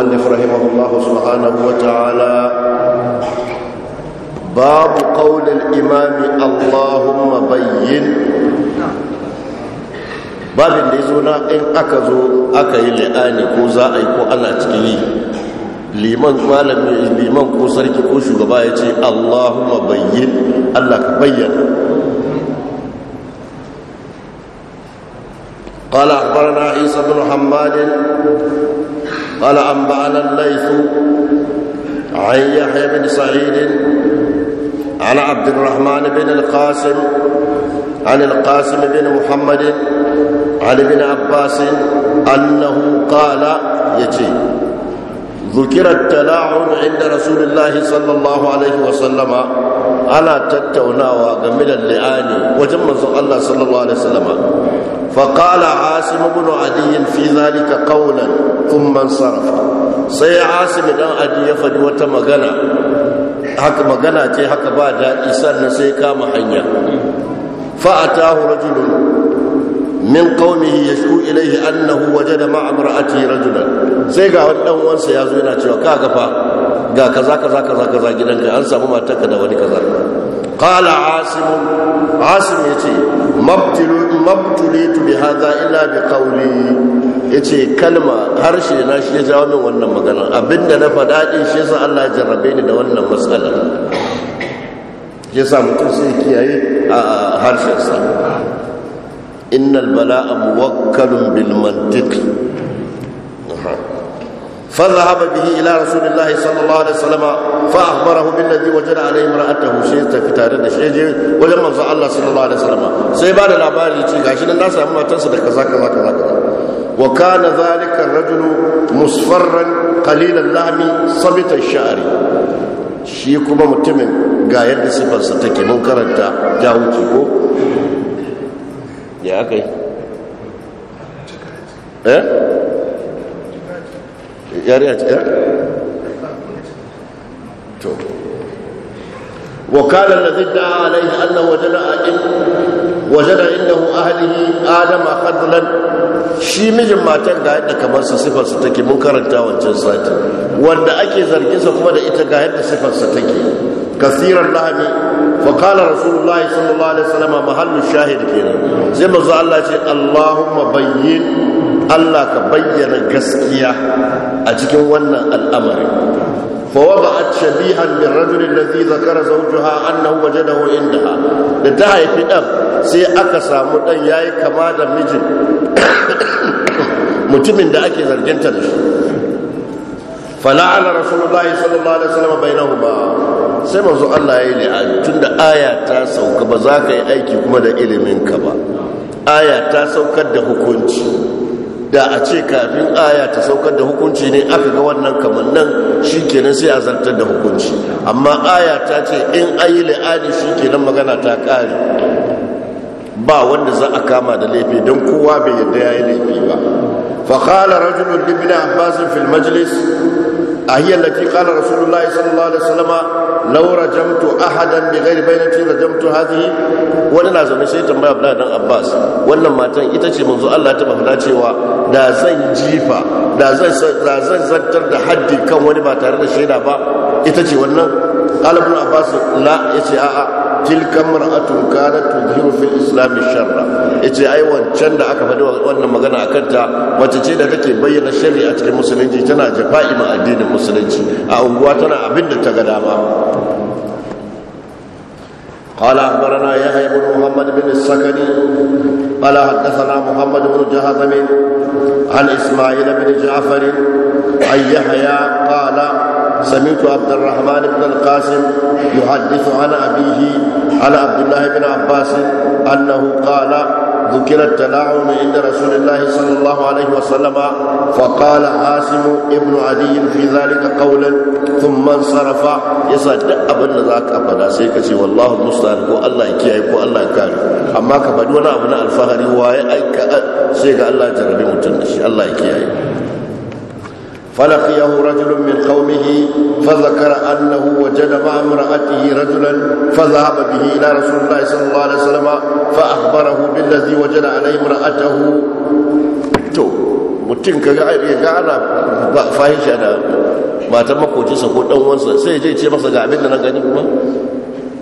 المؤلف رحمه الله سبحانه وتعالى باب قول الإمام اللهم بين in aka zo aka yi la'ani ko za yi ko ana liman malami liman ko sarki ko shugaba ya ce allahumma bayyin allah ka bayyana قال أخبرنا عيسى بن حماد قال أنبأنا الليث عن يحيى بن سعيد عن عبد الرحمن بن القاسم عن القاسم بن محمد عن ابن عباس أنه قال يتي ذكر التلاعن عند رسول الله صلى الله عليه وسلم على تتوناوى جميل اللعان وجمز الله صلى الله عليه وسلم فقال عاصم بن عدي في ذلك قولا thumma sarrafa sai asim dan adi ya faɗi wata magana haka magana ce haka ba daɗi sannan sai kama hanya fa'atahu rajulun min ya yashku ilayhi annahu ma’amur a imra'atihi rajulan sai ga wani ɗan wansa ya zo yana cewa kaga fa ga kaza kaza kaza kaza gidanka an samu matarka da wani kaza asim ya ce يتي bi haza illa bi بقولي ya ce kalma harshe na shi ya jawo min wannan magana abinda na faɗa ɗin shi yasa Allah ya jarrabe ni da wannan matsalar ya sa mutum sai kiyaye a sa. innal bala'a muwakkalun bil mantiq fa zahaba bihi ila rasulillahi sallallahu alaihi wasallam fa akhbarahu bil ladhi wajada alayhi imra'atahu shay ta fitare da shay je wajen manzo Allah sallallahu alaihi wasallam sai ba da labari ce gashi nan na samu matarsa da kaza kaza kaza وكان ذلك الرجل مصفرا قليل اللحم صبت الشعر shi kuma mutumin ga yadda siffarsa take mun karanta ta wuce ko? ya aka yi? eh? yari a cikin? to wakalar da zidda alaihi allah wajena inda hu ahalihi adam shi mijin matar ga yadda kamar sa sifar sa take mun karanta wancan sati wanda ake zargin sa kuma da ita ga yadda sifar sa take kasiran lahami fa qala rasulullahi sallallahu alaihi wasallam mahallu shahid kenan sai manzo Allah ce Allahumma bayyin Allah ka bayyana gaskiya a cikin wannan al'amari فوضعت شبيها بالرجل الذي ذكر زوجها انه وجده عندها لتا هيفي دم سي aka samu dan yayi kama da mijin mutumin da ake zarginta da shi fala'ala rasulullah sallallahu alaihi wasallam bainahuma sai manzo Allah yayi li'ani tunda aya ta sauka ba ka yi aiki kuma da ilimin ka ba aya ta saukar da hukunci da a ce kafin aya ta saukar da hukunci ne aka ga wannan kamar nan shi kenan sai a zartar da hukunci amma aya ta ce in ayi la'adi shi kenan magana ta kare ba wanda za a kama da laifi don kowa bai yadda ya yi laifi ba فقال rajulun dibina عباس fil majlis ahiyar التي قال رسول الله صلى الله عليه وسلم لو رجمت أحدا بغير بينتي رجمت هذه wani na zaune sai tambaya Abdullahi dan Abbas wannan matan ita ce manzo Allah ta faɗa cewa da zan jifa da zan da zan zartar da haddi kan wani ba tare da shaida ba ita ce wannan Qala Abbas la ce a'a tilkan mar'atun kanat tudhiru fil islam sharra yace ai wancan da aka faɗi wannan magana akan ta wace ce da take bayyana sharri a cikin musulunci tana jafa'i addinin musulunci a unguwa tana abin da ta ga dama قال اخبرنا يحيى بن محمد بن السكني قال حدثنا محمد بن جهضم عن اسماعيل بن جعفر عن يحيى قال سمعت عبد الرحمن بن القاسم يحدث عن أبيه عن عبد الله بن عباس أنه قال ذكر التلاعن عند رسول الله صلى الله عليه وسلم فقال عاصم ابن عدي في ذلك قولا ثم انصرف يسعد ابن ذاك ابدا سيكسي والله المستعان كو الله يكيعي كو الله يكاري اما كفدونا ابن الفهري واي اي سيك الله يجربي متنش الله يكيعي فلقيه رجل من قومه فذكر أنه وجد مع امرأته رجلا فذهب به إلى رسول الله صلى الله عليه وسلم فأخبره بالذي وجد عليه امرأته mutum ka ga ana fahisha da matan makocinsa ko ɗanwansa sai je ce masa ga abin da na gani kuma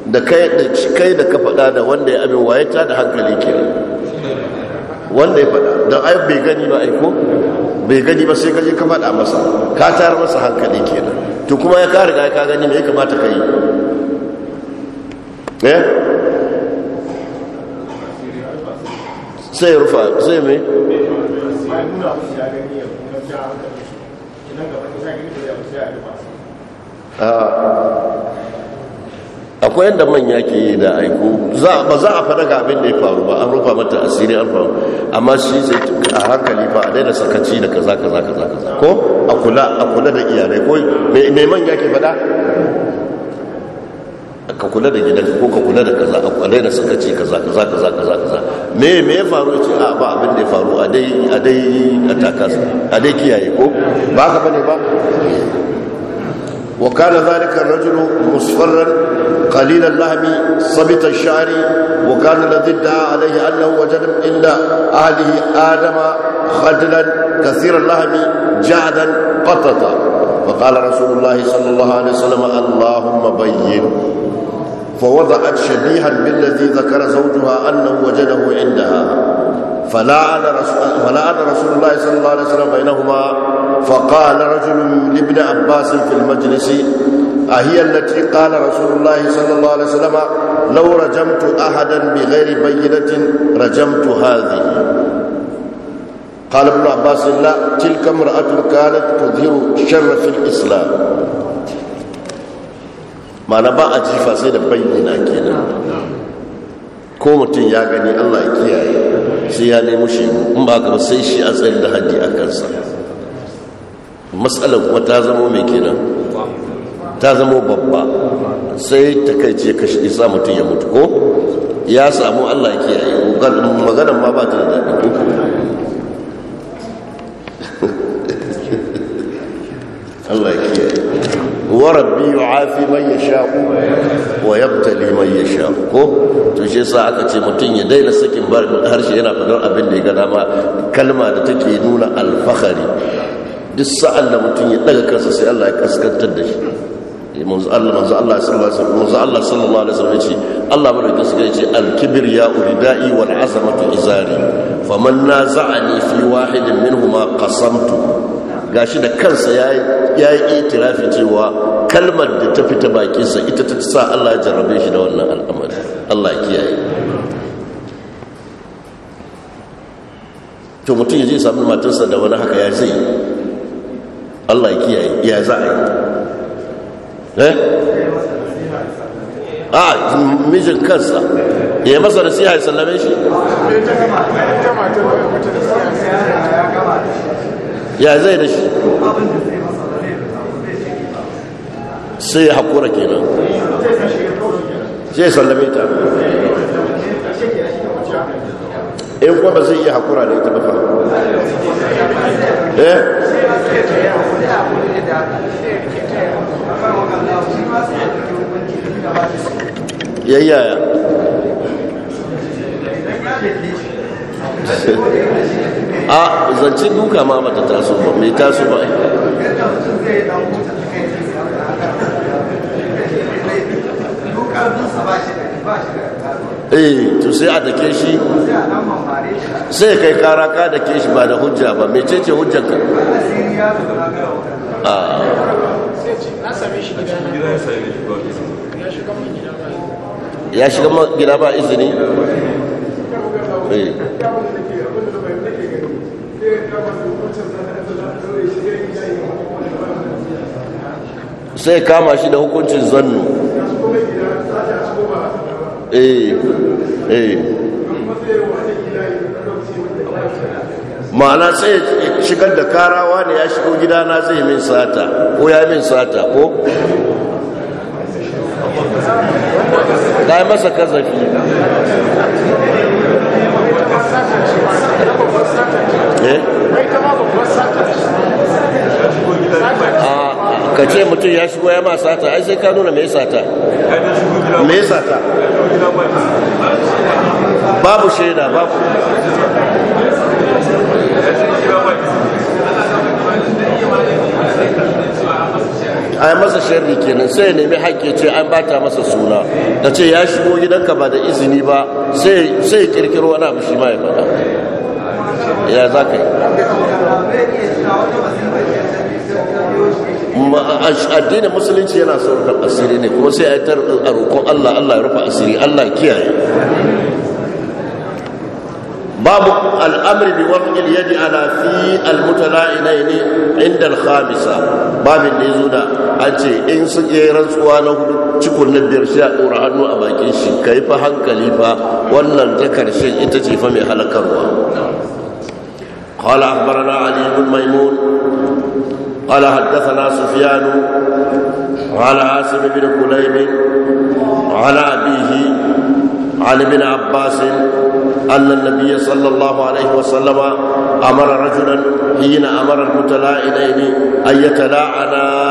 da kai da ka faɗa da wanda ya abin ta da hankali ke wanda ya faɗa da ai bai gani ba aiko bai gani ba sai kaje ka faɗa masa ka tayar masa hankali kenan to kuma ya ka riga ka gani mai kamata ka yi eh sai rufa sai mai a ah. akwai yadda manya ke yi da aiko ba za a faɗa ga abin da ya faru ba an rufa mata asiri an faru amma shi sai a hankali ba a daina sakaci da kaza kaza kaza kaza ko a kula a kula da iyalai ko mai manya ke faɗa ka kula da gidanka ko ka kula da kaza a daina sakaci kaza kaza kaza kaza kaza me me ya faru ya ce a ba abin da ya faru a dai a dai a takas a dai kiyaye ko ba ka bane ba وكان ذلك الرجل مصفرا قليل اللهم صبت الشعر وكان الذي ادعى عليه انه وجد عند اهله ادم خجلا كثير اللهم جعدا قططا فقال رسول الله صلى الله عليه وسلم اللهم بين فوضعت شبيها بالذي ذكر زوجها انه وجده عندها فلعن رسول, فلعن رسول الله صلى الله عليه وسلم بينهما فقال رجل لابن عباس في المجلس أهي التي قال رسول الله صلى الله عليه وسلم لو رجمت أحدا بغير بينة رجمت هذه قال ابن عباس لا تلك امرأة كانت تظهر شر في الإسلام ما نبا أجيفا سيدا بيننا كده ko mutum ya gani allah ya kiyaye sai ya nemi shi in ba ka sai shi a tsayin da haddi a kansa matsalar kuma ta zama mai kenan ta zama babba sai ta kai ce kashi isa mutum ya mutu ko ya samu allah ke yi magana ma ba ta da daɗi allah ke yi warabbi yu'afi man yasha'u wa yabtali man yasha'u ko to shi sa aka ce mutum ya daina sakin harshe yana fadar abin da ya gada ma kalma da take nuna alfahari duk sa'an da mutum ya daga kansa sai Allah ya kaskantar da shi eh, manzu Allah sallallahu alaihi wasallam ce Allah madaukakin suka ce alkibir ya uri da’i wal azamatu izari faman naza'ani fi wahidin kasamtu Ga shi da kansa ya yi itirafi cewa kalmar da ta fita bakinsa ita ta sa Allah ya jarrabe shi da wannan al'amari Allah ya kiyaye to mutum ya je samun matarsa da wani haka ya zai Allah ya kiyaye ya za a yi eh a mijin kansa ya masa nasiha ya sallame shi ya zai da shi sai ya haƙura kenan sai ya sallame ta in eh, kuma ba zai iya haƙura da ita ba ba eh? ya yi yaya a ah, zance duka ma mata taso ba mai taso ba eh to sai a dake shi sai kai kara ka da ke shi ba da hujja ba mai cece hujjar ka ah. ya shiga gida ba izini eh. sai kama shi da hukuncin zannu eh eh ma'ana sai shigar da karawa ne ya shigo gida na zai min sata ko ya min sata ko ta yi masa kazafi eh? ah, ka ce mutum ya shigo ya ma sata ai sai ka nuna mai sata mai sata babu shaida babu a masa sharri kenan sai ya nemi haƙƙi ce an bata masa suna da ce ya shigo gidanka ba da izini ba sai ya kirkiro wani abu shi ma ya faɗa ya za ka yi addinin musulunci yana sauran asiri ne kuma sai a yi roƙon allah allah ya rufe asiri allah kiyaye babu al’amri bi wani iliyadi ala fi almutala ina ne inda alhamisa babin da ya zo da an ce in su geran tsuwa na hudu cikin na a ɗora hannu a bakin shi ka fa hankali fa wannan ta karshen ita ce fa mai halakarwa ƙwala akbar na alimun maimun ƙwala haddasa na sufiyanu ƙwala asir bin kulaimin ƙwala abihi ƙwala bin abbasin أن النبي صلى الله عليه وسلم أمر رجلا حين أمر المتلاعنين أن يتلاعنا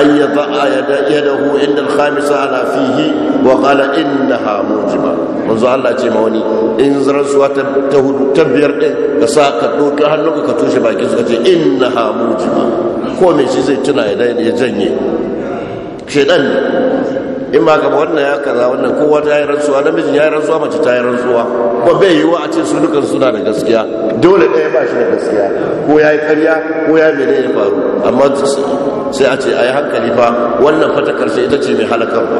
أن يضع يده عند الخامسة على فيه وقال إنها موجبة منذ الله تيموني إن زرسوا تبير كساك دوك هنوك كتوش باكي إنها موجبة كومي شيء تنا يدين يجني شيطان in ba gaba wannan ya kaza wannan kowa ta yi rantsuwa namiji ya yi rantsuwa mace ta yi rantsuwa ko bai yiwuwa a ce su dukan suna da gaskiya dole ɗaya ba shi da gaskiya ko ya yi karya ko ya mene ya faru amma sai a ce a yi hankali fa wannan fata karshe ita ce mai halakarwa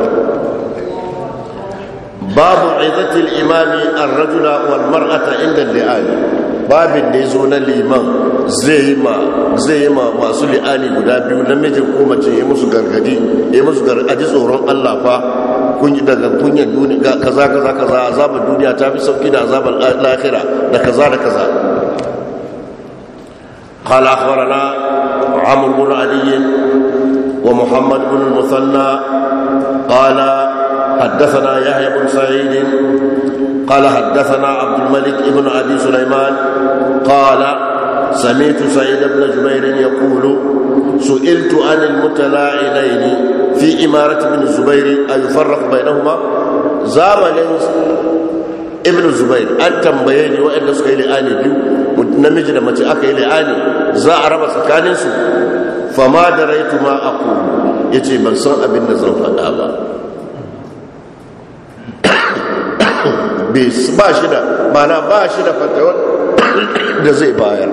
babu izzatil imami an rajula wal mar'ata inda al babin da ya zo na liman zai yi ma masu li'ani guda biyu namijin ko mace ya musu gargadi ya musu gargadi tsoron allah fa daga kunyar duniya kaza kaza kaza azabar duniya ta fi sauki da azabar lahira da kaza da kaza قال أخبرنا عمرو بن علي ومحمد بن المثنى قال حدثنا يحيى بن سعيد قال حدثنا عبد الملك ابن أبي سليمان قال سمعت سعيد بن جبير يقول سئلت عن المتلاعنين في إمارة ابن الزبير أيفرق بينهما زامن ابن الزبير أن تنبيني وإن سكي لآني بيو نمج لما أكي لآني زا عرب سكاني فما دريت ما أقول يتي من صنع بن نزل فأبا ba shi da mana ba shi da fatawar da zai bayar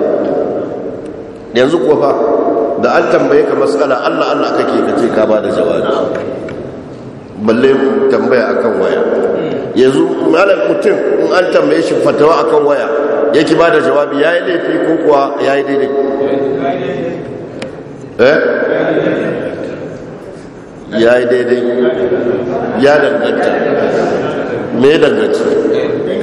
yanzu kofa da an tambaye ka matsala allah allah kake ce ka ba da jawabi balle tambaya akan waya yanzu malam mutum in an tambaye shi fatawa akan waya yake ba da jawabi ya yi laifi ko kuwa ya yi daidai eh? ya yi daidai ya danganta me danganta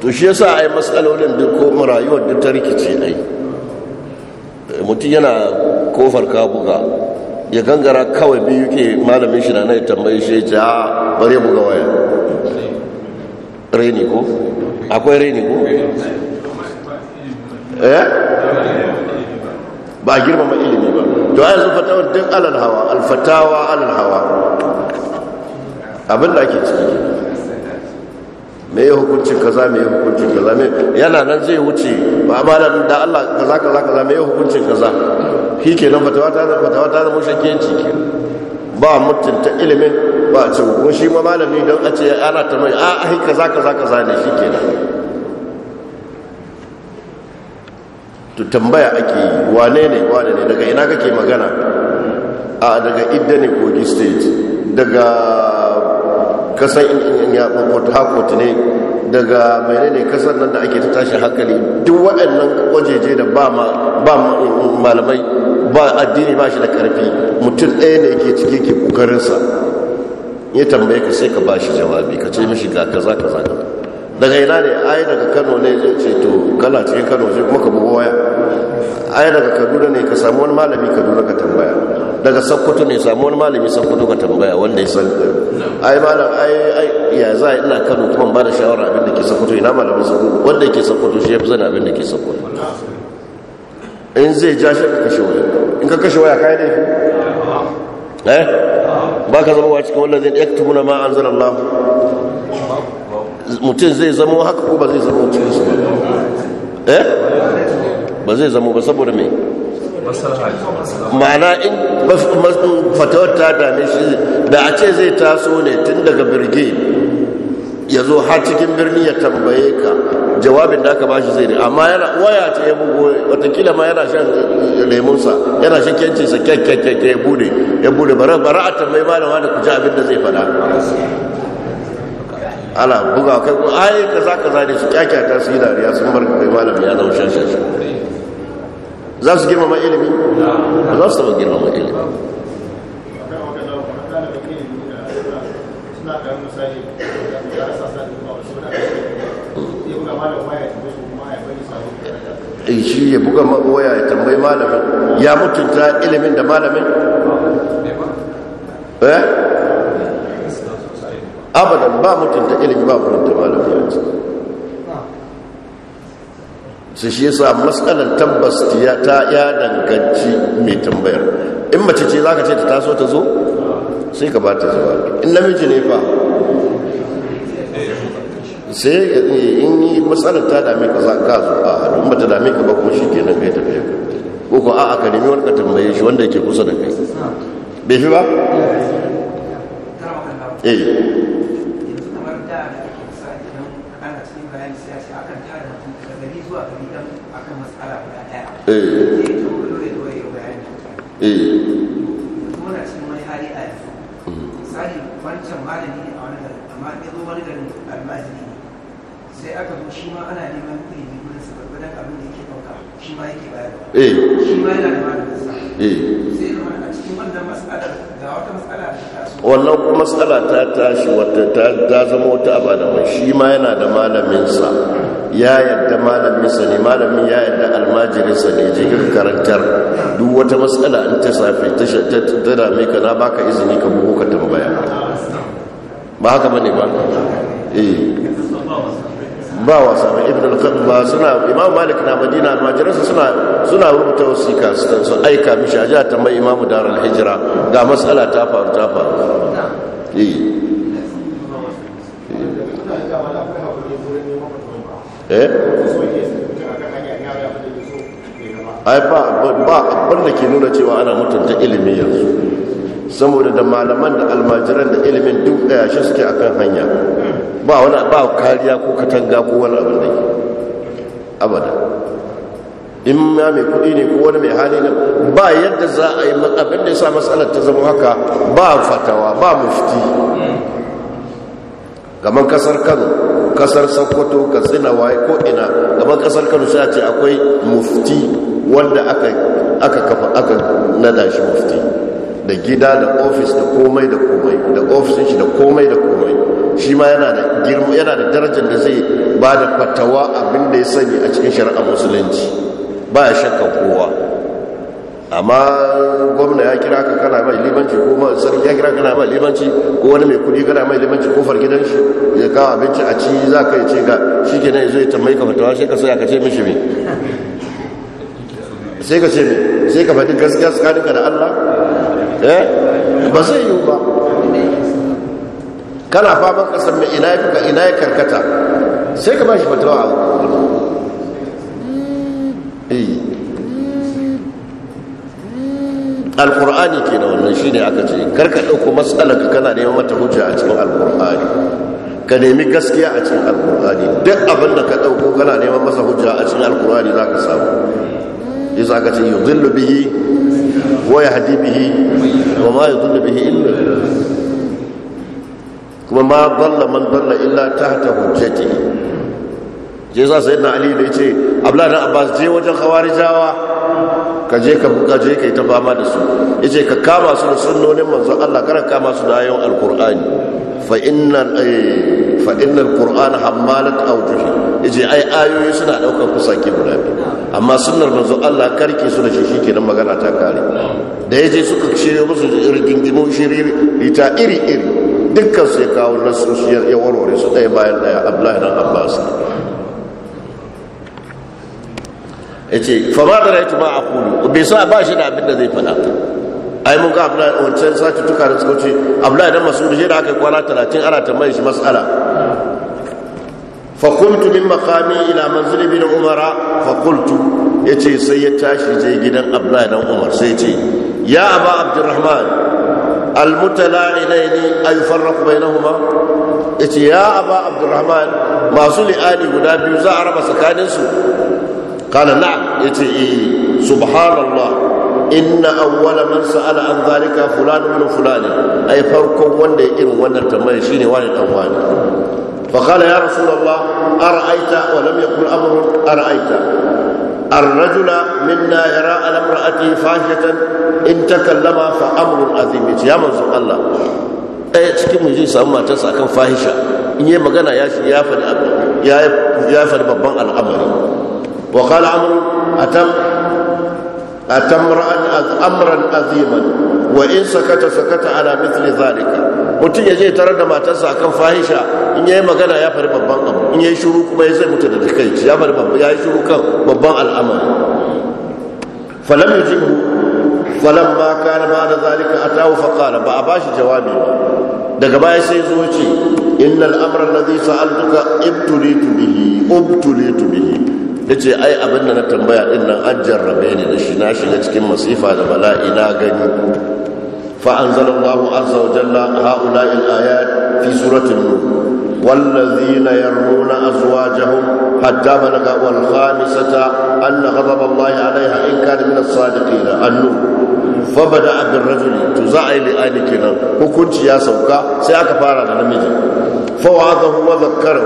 to shi yasa ai matsalolin duk ko rayuwar duk ta rikice ai mutum yana kofar kabuga ya gangara kawai biyu ke malamin shi na nai tambayi shi ce a ah, bare buga waya reni ko akwai reni ko eh ba girmama ilimi ba to ai yanzu fatawa duk alal hawa alfatawa alal hawa abin da ake ciki me ya hukuncin kaza me ya hukuncin kaza me yana nan zai wuce ba ba da Allah kaza kaza kaza me ya hukuncin kaza shi ke nan fatawa ta fatawa ta zama shakiyanci ke ba mutunta ilimin ba a ce kuma shi ma malami don a ce ana ta mai a ai kaza kaza kaza ne shi ke nan to tambaya ake yi wane ne wane ne daga ina kake magana a daga idda ne kogi state daga kasan in ya port harcourt ne daga mai ne kasar nan da ake ta tashi hankali duk waɗannan wajeje da ba malamai ba addini ba shi da ƙarfi. mutum ɗaya ne ke cike ke ƙoƙarinsa ya tambaye ka sai ka ba shi jawabi ka ce mashi ga kaza kaza kaza daga ina ne ai daga kano ne zai ce to kala cikin kano sai kuma ka bugo waya ai daga kaduna ne ka samu wani malami kaduna ka tambaya daga sakkwato ne samu wani malami sakkwato ka tambaya wanda ya san ai malam ai ya za ina kano kuma ba da shawara abin da ke sakkwato ina malamin sakkwato wanda ke sakkwato shi ya fi zana abin da ke sakkwato in zai ja shi ka kashe waya in ka kashe waya ka yi laifi eh ba ka zama wa cikin wanda zai yaktubuna ma anzala Allah mutum zai zama haka ko ba zai zama cikin su ba eh ba zai zama ba saboda me ma'ana in fatawar ta dame shi da a ce zai taso ne tun daga birge ya zo har cikin birni ya tambaye ka jawabin da aka bashi zai ne amma yana waya ce ya bugo watakila ma yana shan lemunsa yana shan kyancinsa kyakkyakkyakke ya bude ya bude bara a tambayi malama da ku ji abin da zai faɗa ala buga kai ko ai kaza kaza ne su kyakkyata su yi dariya sun bar kai malam ya zama shan shan za su girmama ilimi za su taba girmama ilimi shi ya eh, buga waya ya tambayi malamin ya mutunta ilimin da malamin eh abadan ba mutunta ilimin ba mutunta malamin ya ce sai shi yasa matsalar tabbas ta ya danganci mai tambayar in mace ce za ka ce ta taso ta zo sai ka ba ta zuwa in namiji ne fa sai in yi matsalar ta dami ka za ka zo a hannu ba ta dami ka ba kuma shi ke nan kai tafiya ko ko a ka nemi ka tambaye shi wanda yake kusa da kai bai fi ba? eh bayani sai ya akan mutum daga gari zuwa gari don akan matsala guda ɗaya eh sai ya eh. cikin wani hali a yanzu mhm. misali wancan malami ne a wani gari amma ya zo wani garin almajiri ne sai aka zo shi ma ana neman ilimi abin da yake shi ma yake bayarwa eh. shi ma yana da malamin sa Eh. wannan kuma matsala ta tashi wata ta zama wata abadaman shi ma yana da malaminsa ya yadda malaminsa ne malamin ya yadda almajirinsa ne jikin karantar duk wata matsala in ta safe ta dame ka na baka izini ka buko ka tambaya ba haka bane ba eh ba wasa ba ibn al-qayyim ba suna imam malik na madina almajiransa suna suna rubuta wasiƙa su aika mishi aja ta mai imamu darul hijira ga matsala ta faru ta faru eh. eh ai ba da ke nuna cewa ana mutunta ilimi yanzu saboda da malaman da almajiran da ilimin duk ɗaya eh, shi suke akan hanya ba wani ba kariya ko katanga ko wani abin da ke abada in ma mai kudi ne ko wani mai hali ne ba yadda za a yi abin da ya sa matsalar ta zama haka ba fatawa ba mufti kamar kasar kano kasar sokoto katsina waye ko ina kamar kasar kano sai a ce akwai mufti wanda aka kafa aka nada shi mufti da gida da ofis da komai da komai da ofis shi da komai da komai shi ma yana da girma yana da darajar da zai ba da fatawa abinda ya sani a cikin shari'a musulunci ba ya shakka kowa amma gwamna ya kira ka kana mai limanci ko ma sarki ya kira kana mai limanci ko wani mai kudi kana mai limanci ko far gidan shi ya kawo abinci a ci za ka yi ce ga shi ke nan ya zai tambayi ka fatawa sai ka saya ka ce mishi me sai ka ce me sai ka faɗi gaskiya tsakaninka da allah eh ba zai yiwu ba kana faman kasar mai ina ya fuka ina ya karkata sai ka ba shi fatawa a eh. alkur'ani ke da wannan shine aka ce karka ɗauko matsalar ka kana neman mata hujja a cikin alkur'ani ka nemi gaskiya a cikin alkur'ani duk abin da ka ɗauko kana neman masa hujja a cikin alkur'ani za ka samu yasa aka ce yudhillu bihi wa ya yahdi bihi wa ma yi yudhillu bihi illa kuma ma dalla man dalla illa tahta hujjati je za sai na ali da yace abdullahi dan abbas je wajen khawarijawa ka je ka buka je kai ta fama da su yace ka kama su da sunnonin manzon Allah kar ka kama su da ayoyin alqur'ani fa innal eh, fa innal qur'ana hammalat awjuhi yace ai ayoyi suna daukar kusaki guda amma sunnar manzon Allah karke su da shi shikenan magana ta kare da yaje suka shirye musu irgingimo shiriri ita iri iri dukkan sai kawo nasu ya warware su ɗaya bayan ɗaya abdullahi dan abbas ya ce fama da raitu ma a kulu bai sa ba shi da abinda zai faɗa ai mun ga abdullahi wancan sati tuka da suka ce abdullahi da masu shi da aka yi kwana talatin ana mai shi mas'ala fakultu min makami ila manzili bin umara fakultu ya ce sai ya tashi je gidan abdullahi dan umar sai ce ya aba abdurrahman almutala'inaini ayufarraqu bainahuma yace ya aba abdurrahman masu li'ani guda biyu za a raba tsakaninsu. su kana na'am yace eh subhanallah inna awwala man sa'ala an zalika fulan min fulan ai farkon wanda ya irin wannan tambayar shine wani dan wani فقال يا رسول الله أرأيت ولم يقل أمر أرأيت الرجل منا يرى على امرأته فاحشة إن تكلم فأمر عظيم يا منظور الله ɗaya cikin mu zai samu matarsa akan fahisha in yi magana ya faɗi babban al'amari wa kala amru atam atamra'an amran aziman wa in sakata sakata ala mithli zalika mutum ya je da matarsa akan fahisha in yayi magana ya fari babban abu in yayi shuru kuma ya zai mutu da dukkanci. ya fari babban ya yi shuru kan babban al'amari falam yujibu falam ma kana ba da zalika atahu fa qala ba a bashi jawabi ba daga baya sai zo ce innal amra alladhi sa'altuka ibtulitu bihi ubtulitu bihi yace ai abin da na tambaya din nan an jarrabe ni da shi na shiga cikin masifa da bala'i na gani fa anzalallahu azza wa jalla ha'ula'i al-ayat fi suratul والذين يرمون أزواجهم حتى بلغ والخامسة أن غضب الله عليها إن كان من الصادقين النور فبدا بالرجل تزعي لآل كنا وكنت يا سوكا سيأك فارا لنمجي فوعظه وذكره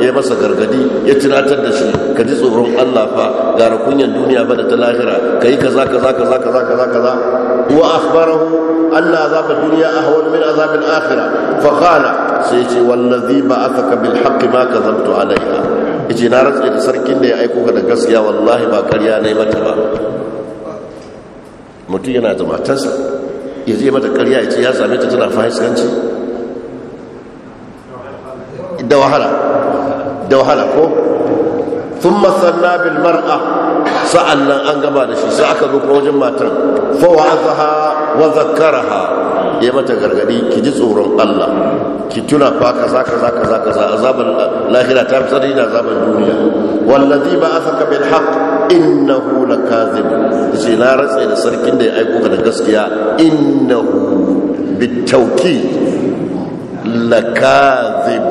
ya masa gargadi ya tunatar da shi ka ji tsoron Allah fa gara kunyan duniya ba da ta lahira kai kaza kaza kaza kaza kaza kaza wa akhbarahu anna azab ad-dunya ahwan min azab al-akhirah fa qala sai ce wallazi ba'athaka bil haqqi ma yace na ratse da sarkin da ya aiko ka da gaskiya wallahi ba ƙarya nayi mata ba mutum yana da matarsa ya je mata ƙarya ya ce ya same ta tana fahiskanci da wahala da wahala ko thumma sanna bil mar'a sa'an nan an gaba da shi sai aka zo kuma wajen matan fa wa'azaha wa zakkaraha ya mata gargadi ki ji tsoron Allah ki tuna fa kaza kaza kaza kaza azaban lahira ta fi da azaban duniya wallazi ba asaka bil haqq innahu lakazib sai na ratsa da sarkin da ya aiko ka da gaskiya innahu bitawki lakazib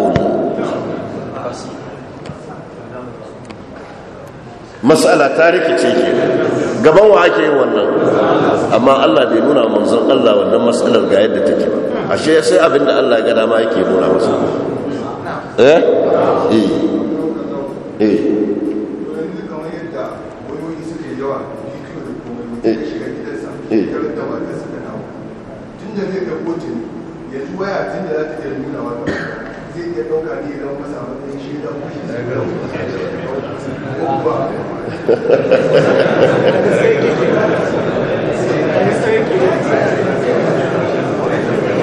mas'ala ta rikice ke gaban wa ake yin wannan amma Allah bai nuna manzon Allah wannan mas'alar ga yadda take ba ashe sai abinda Allah gada ma yake nuna masa eh eh Thank eh. eh. eh. you.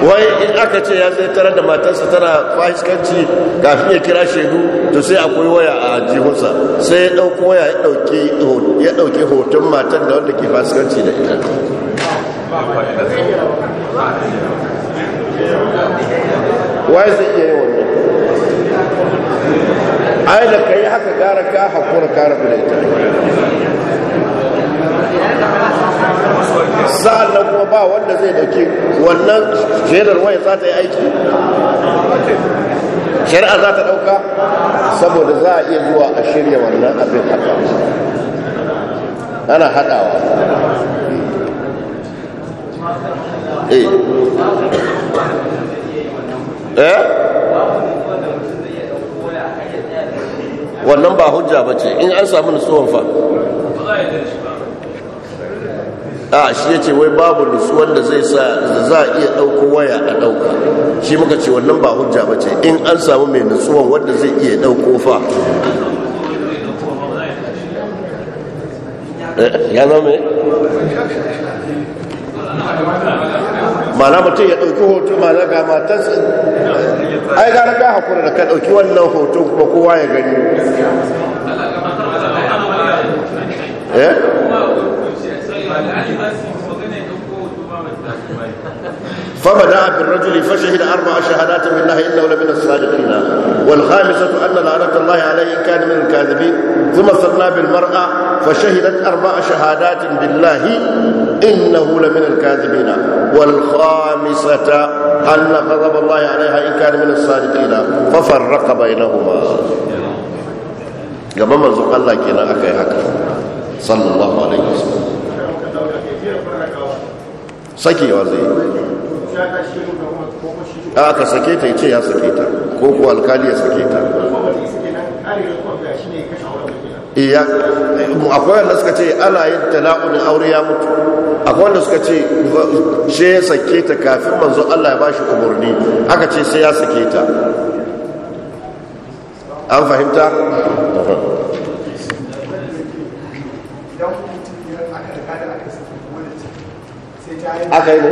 wai in aka ce ya zai tarar da matarsa tana fahiskanci kafin ya kira shaidu to sai akwai waya a jihunsa sai ya dauki waya ya ɗauki hoton matan da wanda ke fahiskanci da ita wai zai iya yi wannan ai da ka yi haka gara ka haƙura ka rabu da ita sa'an nan kuma ba wanda zai dauki wannan shaidar waya za ta yi aiki shari'a za ta dauka saboda za a iya zuwa a shirya wannan abin haka ana haɗawa eh. Eh? wannan ba hujja ba ce in an samu nutsuwan fa a shi ya ce wai babu nutsu wanda zai sa da za a iya ɗauko waya a ɗauka shi muka ce wannan ba hujja ba ce in an samu mai nutsuwan wanda zai iya ɗauko fa eh, ya zama mana mutum ya ɗauki hoto mana ga matarsa ai gara ka haƙura da ka ɗauki wannan hoto kuma kowa ya gani eh فبدا بالرجل فشهد اربع شهادات بالله انه لمن الصادقين والخامسه ان لعنه الله عليه ان كان من الكاذبين ثم صلى بالمراه فشهدت اربع شهادات بالله انه لمن الكاذبين والخامسه ان غضب الله عليها ان كان من الصادقين ففرق بينهما قبل ما زق الله كنا اكاي هكذا صلى الله عليه وسلم سكي وزي a ka sake ta ce ya sake ta ko ko alkali ya sake ta iya eh, akwai wanda suka ce ana yin tala'unin aure ya mutu akwai wanda suka ce she ya sake ta kafin manzo Allah ya bashi umarni aka ce sai ya sake ta an fahimta? aka yi ne?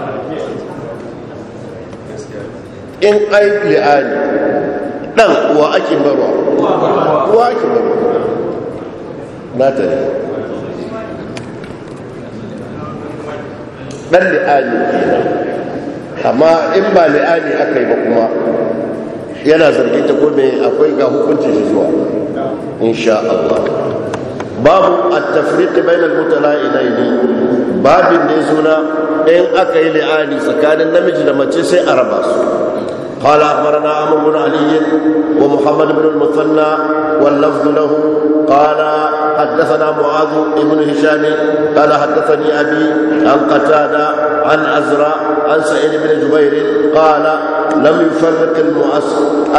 in ai li'ani dan uwa ake barwa uwa ake barwa na tare dan li'ani kenan amma in ba li'ani aka yi ba kuma yana zargin ta kome akwai ga hukunci shi zuwa insha Allah babu at-tafriq bayna al-mutala'inaini babin da ya suna in aka yi li'ani tsakanin namiji da mace sai a raba su قال أخبرنا عمرو بن علي ومحمد بن المثنى واللفظ له قال حدثنا معاذ بن هشام قال حدثني أبي عن قتادة عن أزرع عن سعيد بن جبير قال لم يفرق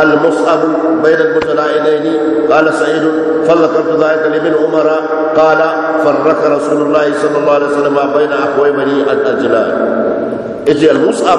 المصعب بين المتلائمين قال سعيد فذكرت ذلك لابن عمر قال فرق رسول الله صلى الله عليه وسلم بين أخوي بني الأجلال إذ المصعب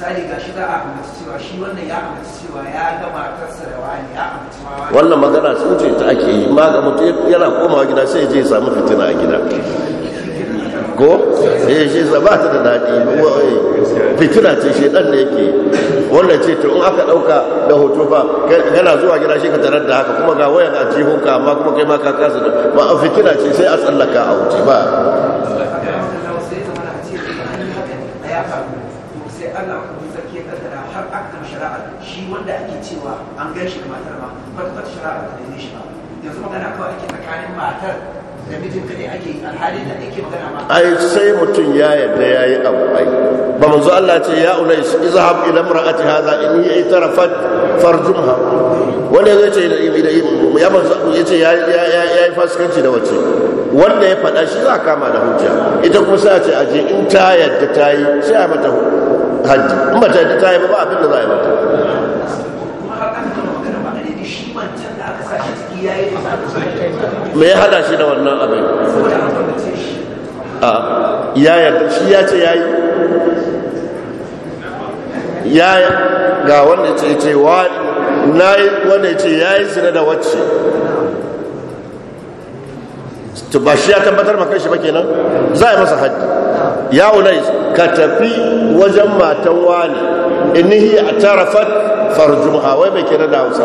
misali ga shi za a ambaci cewa shi wannan ya ambaci cewa ya ga matarsa da wani ya ambaci ma wannan magana sun ce ta ake yi ma ga mutum yana komawa gida sai je ya samu fitina a gida ko eh shi ba ta da daɗi eh, fitina ce shi ɗan ne yake wannan ce ta in aka ɗauka da hoto fa yana zuwa gida shi ka tarar da haka kuma ga wayan a jihunka amma kuma kai ma ka kasa da ba a fitina ce sai a tsallaka a wuce ba cewa an gan shi da matar ba kwata shara ba ta daidai shi ba yanzu magana kawai ake tsakanin matar da mijin kadai ake alhalin da ake magana ba ai sai mutum ya yarda ya yi abu ai ba manzo Allah ce ya unais izhab ila imra'ati hadha in hi itarafat farjumha wanda zai ce da ya manzo ya ce ya yi fasikanci da wace wanda ya faɗa shi za kama da hujja ita kuma sai ce aje in ta yadda ta yi sai a mata hajji in ba ta yadda ta yi ba abin da za a yi mata me ya hada shi da wannan abin a ya yarda shi ya ce ya yi ya ga wanda ce ce wa na yi wanda ce ya yi zina da wacce ba shi ya tabbatar maka shi ba kenan za a yi masa haddi ya unais ka tafi wajen matan wani inihi a tarafat farjumha wai mai kira da hausa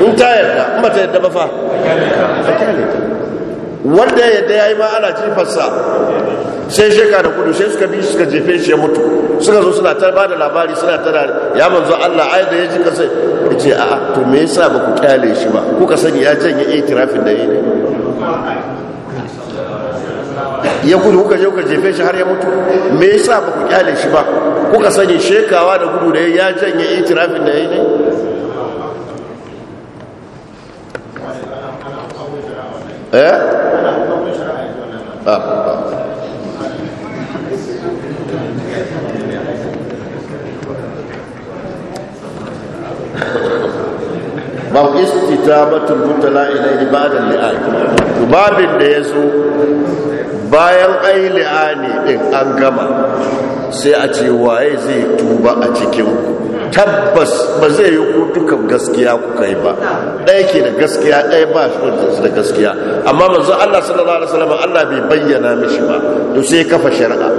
in ta yarda in ba ta yarda ba fa wanda yadda ya yi ma ana jifarsa sai sheka da kudu sai suka bi suka jefe shi ya mutu suka zo suna ta bada labari suna ta ya manzo Allah ai da ya ji kasai ce a'a to me yasa ba ku kyale shi ba kuka sani ya janye tirafin da yi ya gudu kuka je kuka jefe shi har ya mutu me yasa ba ku kyale shi ba kuka sani shekawa da gudu da ya janye itirafin da yayi ne eh ah, babu istitabatul mutala ilayhi ba'da al babin da yazo bayan an yi li'ani ɗin an gama sai a ce waye zai tuba a cikin tabbas ba zai yi kutukan gaskiya kuka yi ba ɗaya ke da gaskiya ɗaya ba shi da gaskiya amma manzo Allah sallallahu alaihi wasallam Allah bai bayyana mishi ba to sai kafa shari'a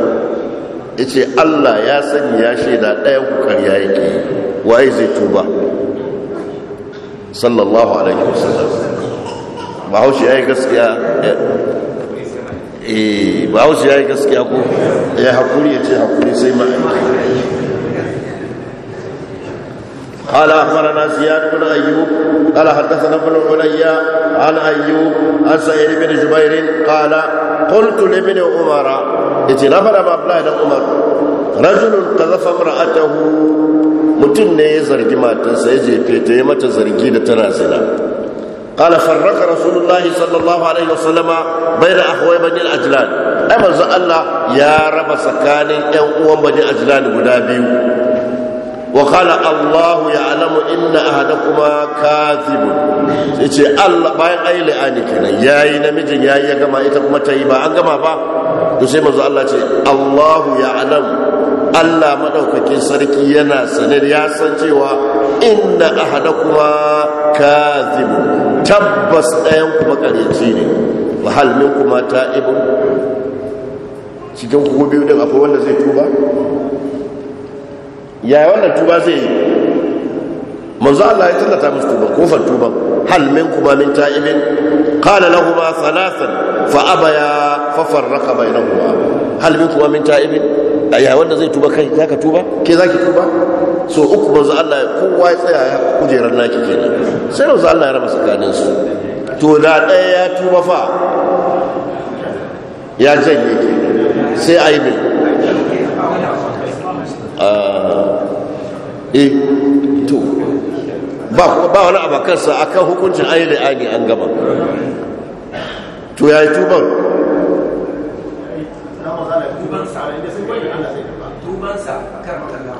yace Allah ya sani ya shaida ɗaya ku karya yake waye zai tuba sallallahu alaihi wasallam ba haushi yi gaskiya eh, eh ba hausa ya yi gaskiya ko ya haƙuri ya ce haƙuri sai ma'aiki قال اخبرنا زياد بن ايوب قال حدثنا ابن عليا عن ايوب عن سعيد بن جبير قال قلت لابن عمر اتنفر مع عبد الله عمر رجل قذف امراته متن ne ya zargi matarsa ya jefe ta yi mata zargi da tana zina قال فرق رسول الله صلى الله عليه وسلم بين أخوي بني الأجلان أما الله يا رب سكان أو بني الأجلان قدابي وقال الله يعلم إن أحدكما كاذب يجي الله باين أي لأني كنا يا نمجن يا يا كما إتكما تيبا أنكما با يسي مزا الله يجي الله يعلم الله مدوككين سركي ينا سنر يا سنجي وإن أحدكما كاذب tabbas ɗayan kuma makaryaci ne wa hal min kuma ta'ibun cikin kuma biyu ɗin akwai wanda zai tuba yayi wannan tuba zai yi manzo Allah ya tallata musu tuba kofar tuba, hal min kuma min ta'ibin qala lahumu thalathan fa abaya fa farraqa bainahuma hal min kuma min ta'ibin yaya wanda zai tuba kai zaka tuba ke zaki tuba so uku manzo Allah ya kowa ya tsaya ya kujerar naki kenan sai manzo Allah ya raba tsakanin su to da ɗaya ya tuba fa ya janye ke sai a yi mai ah, eh to ba wani abakarsa kan hukuncin ayi da ayi an gama to ya yi tuban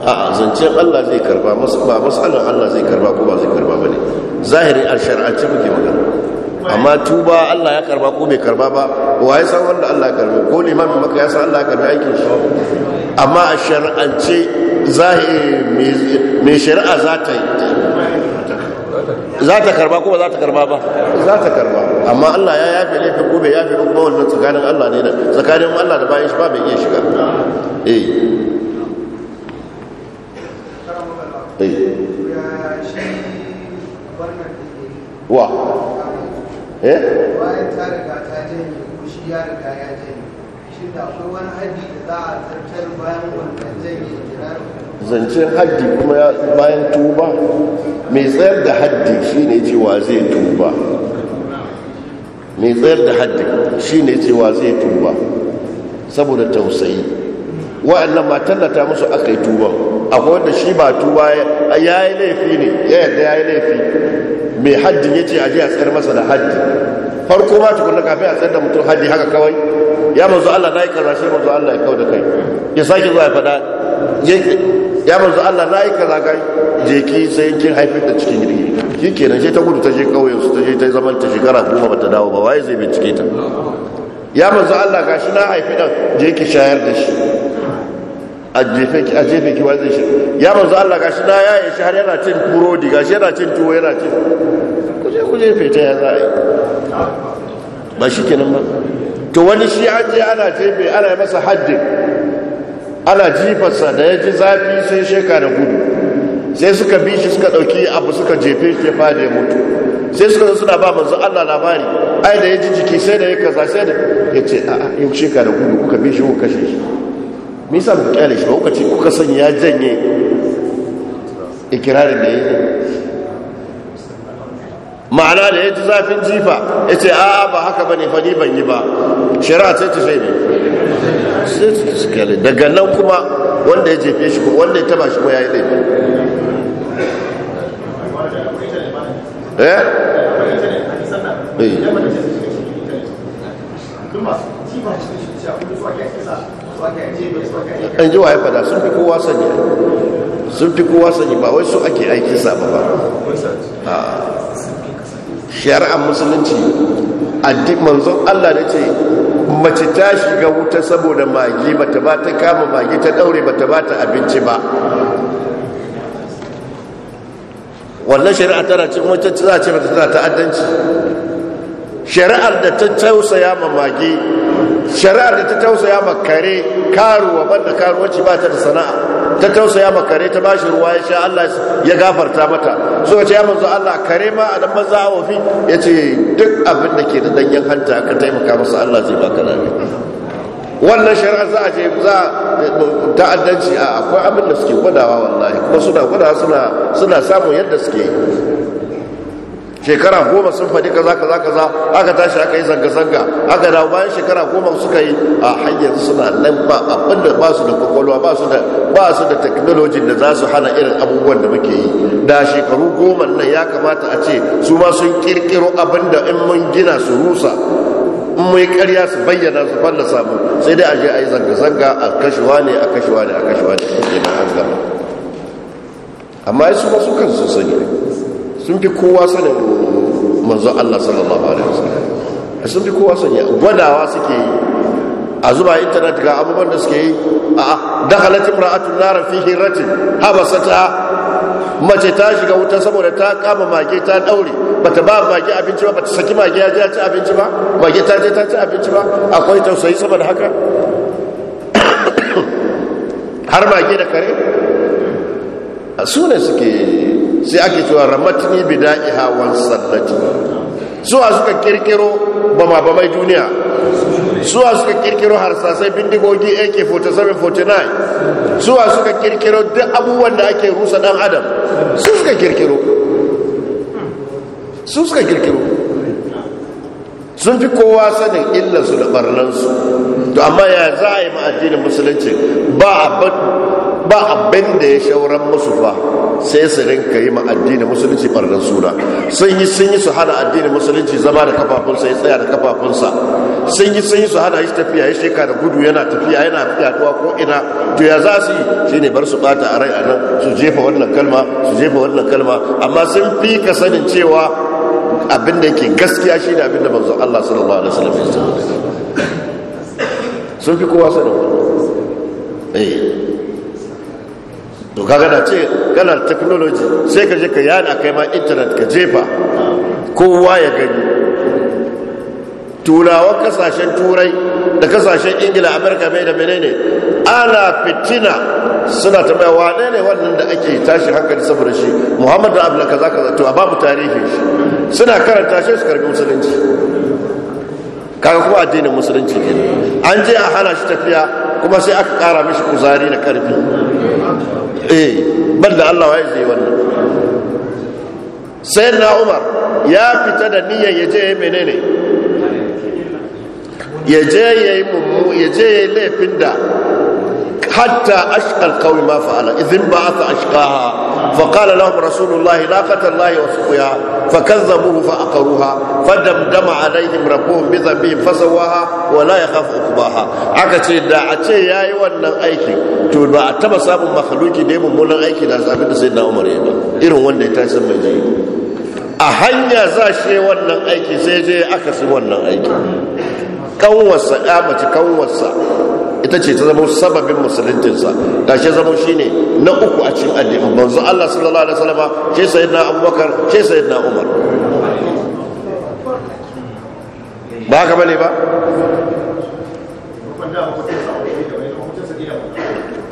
a'a zancen Allah zai karba ba matsalar Allah zai karba ko ba zai karba bane zahiri a shar'ance muke magana amma tuba Allah ya karba ko bai karba ba wa ya san wanda Allah ya karba ko limamin maka ya san Allah ya karba aikin shi amma a shar'ance zahiri mai shari'a za ta yi za ta karba ko ba za ta karba ba za ta karba amma Allah ya yafe laifi ko bai yafe ko kuma wannan tsakanin Allah ne tsakanin Allah da bayan shi ba bai iya shiga eh Eh. wa eh a bayan wannan janye zancen haddi kuma bayan tuba mai tsayar da haddi shi ne cewa zai tuba mai tsayar da haddi shi ne cewa zai tuba saboda tausayi wa'annan matan da ta musu aka yi tuban akwai wanda shi ba tuwa ya yi laifi ne ya yadda ya yi laifi mai haddin ya ce aji a tsayar masa da haddi farko ma tukunna kafin a tsar da mutum haddi haka kawai ya mazu Allah na yi kaza shi mazu Allah ya kawo da kai ya sake zuwa ya faɗa ya mazu Allah na yi kaza kai je ki sai kin haifar da cikin girgi shi kenan sai ta gudu ta je kauyen su ta je ta zaman ta shekara goma ba ta dawo ba waye zai bincike ta ya mazu Allah shi na haifi da je ki shayar da shi a jefe kiwa zai shi ya manzo Allah gashi na ya yi har yana cin burodi gashi yana cin tuwo yana cin kuje kuje feta ya za a yi ba shi kenan ba to wani shi an je ana jefe ana yi masa haddin ana jifarsa da ya ji zafi sai sheka da gudu sai suka bi shi suka ɗauki abu suka jefe shi fada ya mutu sai suka zai suna ba manzo Allah labari ai da ya ji jiki sai da ya kaza sai da ya ce a'a yau sheka da gudu kuka bi shi kuka kashe shi misa da ba kyale shi ba kuka son kuka ya janye ikirarin da ya yi ma'ana da ya ji zafin jifa ya ce a ba haka ba ne fani ban yi ba shari'a ce ta shaida sai su su kyale daga nan kuma wanda ya jefe shi ko wanda ya taba shi ko ya yi laifi eh eh an ji waye fada sun fi kowa sanya sun fi kowa sanya ba wai su ake aikin sabu ba shari'ar musulunci addik manzon Allah da ce mace ta shiga wuta saboda magi bata ba ta kama magi ta daure bata ba ta abinci ba wannan shari'a tana ce wata ta ce bata tana ta'addanci shari'ar da ta tausaya ma magi shari'ar da ta tausaya makare kare karuwa banda karuwanci ba ta da sana'a ta tausaya makare kare ta bashi ruwa ya sha Allah ya gafarta mata so ce ya manzo Allah kare ma a dan maza a wafi ya ce duk abin da ke da danyen hanta ka taimaka masa Allah zai baka lafiya wannan shari'a za a je za ta'addanci a akwai abin da suke gwadawa wallahi kuma suna gwadawa suna suna samun yadda suke yi shekara goma sun faɗi kaza kaza kaza aka tashi aka yi zanga-zanga aka dawo bayan shekara goma suka yi a hanyar suna nan ba abin da ba su da kwakwalwa ba su da ba su da da za su hana irin abubuwan da muke yi da shekaru goma nan ya kamata a ce su ma sun kirkiro abin da in mun gina su rusa in mai karya su bayyana su falla samu, sai dai a je a yi zanga-zanga a kashewa ne a kashewa ne a kashewa ne shi ke na an gama amma su masu su kansu sani sun fi kowa sanin manzo Allah sallallahu alaihi wasallam sun fi kowa yi gwadawa suke yi a zuba internet ga abubuwan da suke yi a dakalati imra'atun nar fi hiratin habasata mace ta shiga wuta saboda ta kama mage ta daure bata ba mage abinci ba bata saki mage ya ci abinci ba mage ta je ta ci abinci ba akwai tausayi saboda haka har mage da kare su ne suke sai ake cewa bi bida'iha wan sallati suwa suka kirkiro ba bamai duniya suwa suka kirkiro harsasai bindigogi ak-47 49 suwa suka kirkiro duk abubuwan da ake rusa dan adam su suka kirkiro su suka kirkiro sun fi kowa sanin illansu da barnansu to amma ya za a yi ma'ajinin musulunci ba abin da ya shauran musu ba sai su rinka yi ma addinin musulunci barnan suna sun yi sun yi su hana addinin musulunci zama da kafafunsa ya tsaya da kafafunsa sun yi sun yi su hana shi tafiya ya sheka da gudu yana tafiya yana fiyaduwa ko ina to ya za su yi shi ne bar su bata a rai a nan su jefa wannan kalma su jefa wannan kalma amma sun fi ka sanin cewa abin da ke gaskiya shi ne abin da manzo Allah sallallahu alaihi wasallam ya sun fi kowa sanin eh doka gada ce kalar technology sai ka je ka yana kai ma intanet ka jefa kowa ya gani turawa kasashen turai da kasashen ingila amurka mai da menene ana fitina suna tambaya wane ne wannan da ake tashi hankali saboda shi muhammadu abu da kaza kaza to a babu tarihi shi suna karanta shi su karbi musulunci kaga kuma addinin musulunci ne an je a hana shi tafiya kuma sai aka kara mishi kuzari na karfi eh ban da Allah ya zai wannan sai umar ya fita da niyyar ya je ya menene ya je mummu ya laifin da حتى أشقى القوم ما فعل إذن بعث أشقاها فقال لهم رسول الله ناقة الله وسقيا فكذبوه فأقروها فدمدم عليهم ربهم بذنبهم فسواها ولا يخاف عقباها أكتي دا أتي يا أيوة أيكي تقول ما أتبع صاب مخلوقي ديم مولا أيكي ناس أبدا سيدنا عمر يبا إيرو وانا يتاسم تاسم جاي أهنيا زاشي وانا أيكي سيجي أكسي وانا أيكي كون وسا آمتي كون وسا ita ce ta zama sababin musuluntinsa gashi zama shine na uku a cikin addinin manzo Allah sallallahu alaihi wasallam shi sayyidina Abubakar shi sayyidina Umar ba haka bane ba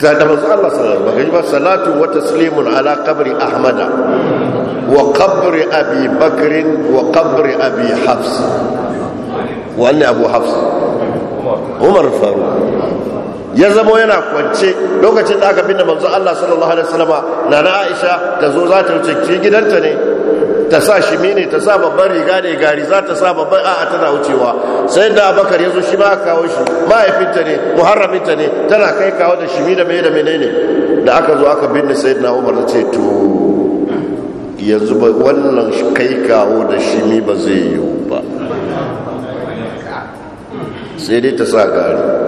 ta da manzo Allah sallallahu alaihi wasallam salatu wa taslimun ala qabri ahmada wa qabri abi bakr wa qabri abi hafs wa anna abu hafs umar faruq ya zamo yana kwance lokacin da aka binne manzo Allah sallallahu alaihi wasallama na na Aisha ta zo za ta wuce gidanta ne ta sa shi mene ta sa babban riga ne gari za ta sa babban a'a tana wucewa sai da Abakar ya zo shi ma kawo shi mahaifinta ne muharraminta ne tana kai kawo da shimi da mai da menene da aka zo aka binne sayyidina Umar ta ce to yanzu wannan kai kawo da shimi ba zai yiwu ba sai dai ta sa gari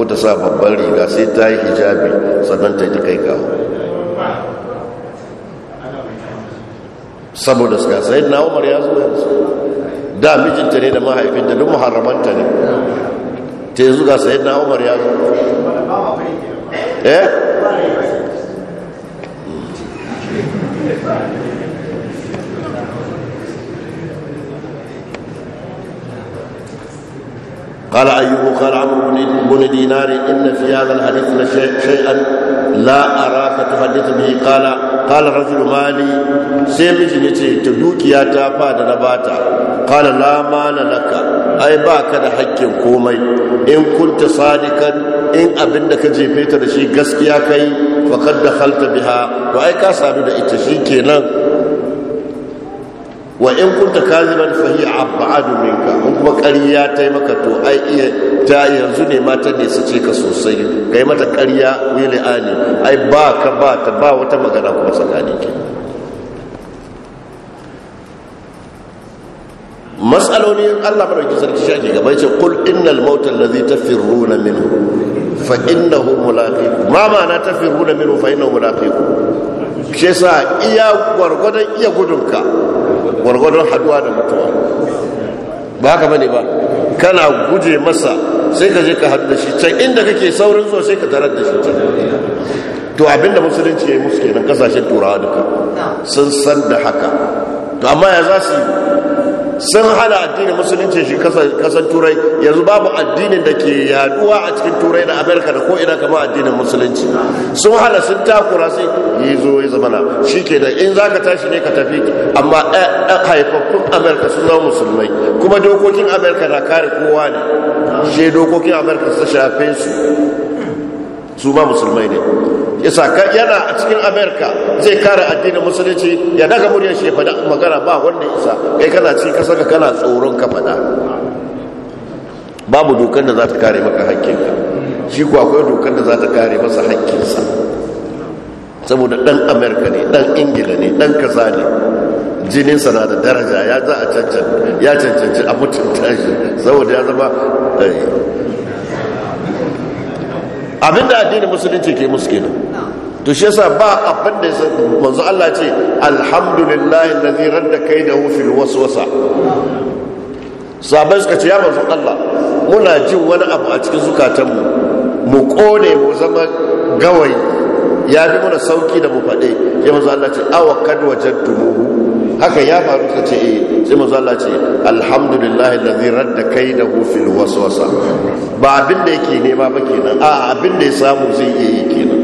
ko ta sa babban riga sai ta yi hijabi sannan ta yi kai kawo saboda suka sai na umar ya zo yanzu da mijinta ne da mahaifin da duk muharramanta ne ta yi ga sai na umar ya zo eh قال أيوب قال عمرو بن دينار إن في هذا الحديث شيئا لا أراك تحدث به قال قال الرجل مالي سيمج نتي تدوكيا تافا دنباتا قال لا مال لك أي باك دا حق كومي إن كنت صادقا إن أبنك جيفيت لشي قسكيا كي فقد دخلت بها وأي كاسا بدا إتشيكي لك wa in kunta kaziban fa hiya abadu minka in kuma ƙarya ta yi maka to ai iya ta yanzu ne mata ne su ce ka sosai kai mata ƙarya wili ali ai ba ka ba ta ba wata magana kuma tsakanin ki matsaloli Allah madauki sarki shi ake gaba ce qul innal mauta allazi tafirruna minhu fa innahu mulaqikum ma ma'ana tafirruna minhu fa innahu mulaqikum shi sa iya gwargwadon iya gudunka gwargwadon haduwa da mutuwa ba haka bane ba kana guje masa sai ka je ka hadu da shi can inda kake saurin zuwa sai ka tarar da shi can to abinda musulunci ya yi musu kenan kasashen turawa duka sun san da haka to amma ya za su yi sun hana addinin musulunci shi kasar turai yanzu babu addinin da ke yaduwa a cikin turai da amerika da ko'ina kama addinin musulunci sun hana sun takura sai yi zo yi zamana shi ke da in za ka tashi ne ka tafi amma eh, eh, haifafun amerika sun zama musulmai kuma dokokin amerika na kare kowa ne shi dokokin amerika su shafe su su ba musulmai ne yasa ka yana a cikin america zai kare addinin musulunci ya daga muryar shi fada magana ba wanda isa kai kana cikin kasar ka kana tsoron ka fada babu dokar da za ta kare maka hakkinka shi ko akwai dokar da za ta kare masa hakkinsa saboda dan america ne dan ingila ne dan kaza ne jininsa na da daraja ya za a cancan ya cancanci a mutunta shi saboda ya zama eh. abinda addinin musulunci ke musu to shi yasa ba abin da yasa manzo Allah ce alhamdulillahi allazi radda kaidahu fil waswasa sabai suka ce ya manzo Allah muna jin wani abu a cikin zukatanmu mu kone mu zama gawayi ya bi mana sauki da mu fade ya manzo Allah ce awa kad wajadtumuhu haka ya faru suka ce eh sai manzo Allah ce alhamdulillahi allazi radda kaidahu fil waswasa ba abin da yake nema ba kenan a abin da ya samu zai iya yi kenan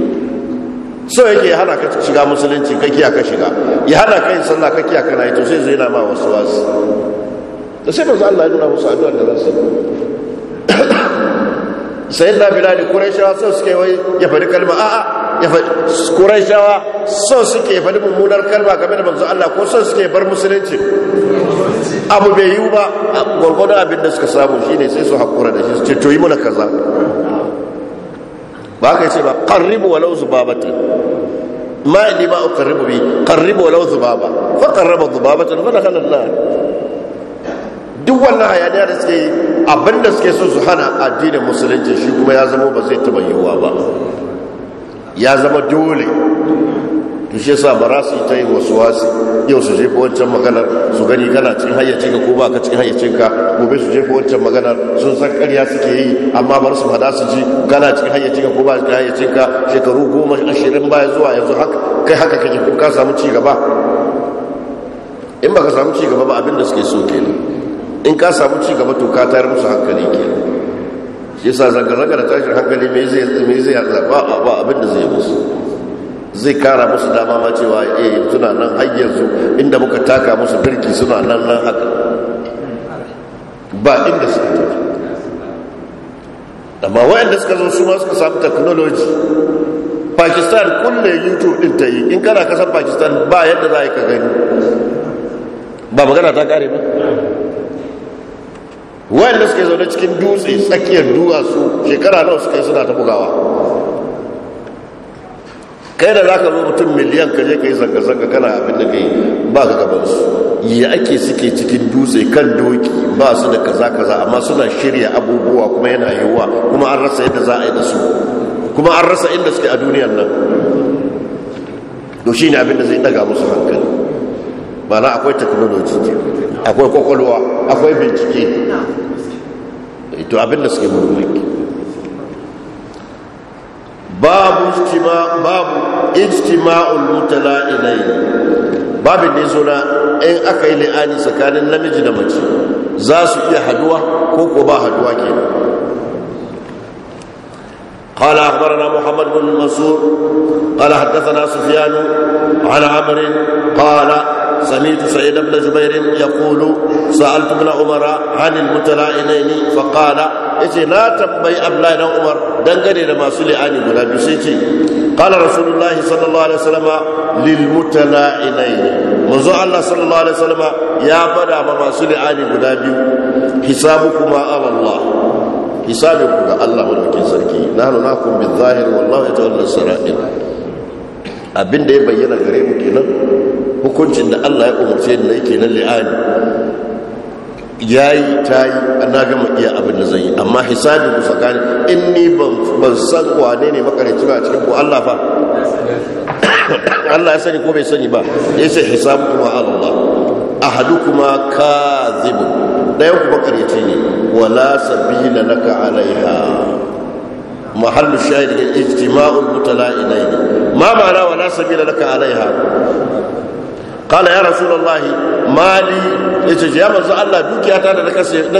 so yake ya hana ka shiga musulunci ka kiya ka shiga ya hana ka yin sallah ka kiya kana yi to sai zai nama wasu wasu da sai manzo Allah ya nuna musu addu'ar da za su sai da Kuran quraishawa so suke wai ya faɗi kalma a a ya faɗi quraishawa so suke faɗi mummunar kalma game da manzo Allah ko so suke bar musulunci abu bai yiwu ba gwargwadon abin da suka samu shine sai su hakura da shi su ce to yi mana kaza ba ka ce ba qarribu walau zubabatan ma ba ma uqarribu bi qarribu walau zubaba fa qarraba zubabatan fa na an na. duk wannan hayaniya da suke abinda suke so su hana addinin musulunci shi kuma ya zama ba zai taɓa yiwuwa ba ya zama dole to shi yasa ba rasu ta yi wasu wasi yau su jefa wancan maganar su gani kana cikin hayyacin ka ko ba ka cikin hayyacin ka gobe su jefa wancan maganar sun san ƙarya suke yi amma bar su fada su ji kana cikin hayyacin ka ko ba cikin hayyacin ka shekaru goma ashirin baya zuwa yanzu haka kai haka kake ko ka samu ci gaba in ba ka samu ci gaba ba abin da suke so kenan in ka samu ci gaba to ka tayar musu hankali kenan shi yasa zanga-zanga da tashin hankali me zai zai zaba ba abin da zai musu zai kara musu dama ma cewa eh suna nan har yanzu inda muka taka musu birki suna nan nan haka ba inda suka tafi amma waɗanda suka zo su ma suka samu technology pakistan kulle youtube din ta yi in kana kasar pakistan ba yadda za a yi ka gani ba magana ta kare ba waɗanda suka zaune cikin dutse tsakiyar duwatsu shekara nawa suka yi suna ta bugawa kai da zaka zo mutum miliyan ka je ka yi zanga-zanga kana abin da ka yi ba ka gaban su ya ake suke cikin dutse kan doki ba su da kaza-kaza amma suna shirya abubuwa kuma yana yiwuwa kuma an rasa yadda za a yi da su kuma an rasa inda suke a duniyar nan to shi ne abin da zai daga musu hankali ba na akwai teknoloji ce akwai kwakwalwa akwai bincike to abin da suke mulmulki babu ijtima babu ulutala mutala'inaini babin ne yazo na in aka yi la'ani tsakanin namiji da mace za su iya haduwa ko ko ba haduwa ke قال أخبرنا محمد بن منصور قال حدثنا سفيان على عمر قال سمعت سعيد بن جبير يقول سألت ابن عمر عن المتلائمين فقال yace na tambayi Abdullahi dan Umar dangane da masu li'ani guda biyu sai ce qala rasulullahi sallallahu alaihi wasallama lil mutala'inain manzo Allah sallallahu alaihi wasallama ya fada ma masu li'ani guda biyu hisabukuma ala Allah hisabinku ga Allah madaukin sarki nanu nakum bil zahir wallahu ya bayyana gare mu kenan hukuncin da Allah ya umarce da yake na li'ani ya yi ta yi na gama iya abin da zan yi amma hisabi ku tsakani in ni ban san wane ne makarici ba cikin ku Allah fa Allah ya sani ko bai sani ba ya ce hisabu kuma Allah A hadu kuma ka zibu dayan ku makarici ne wala sabila naka alaiha محل الشاهد اجتماع المتلائمين ما معنى ولا سبيل naka alaiha. قال ya رسول الله مالي yace ya manzo Allah dukiyata da na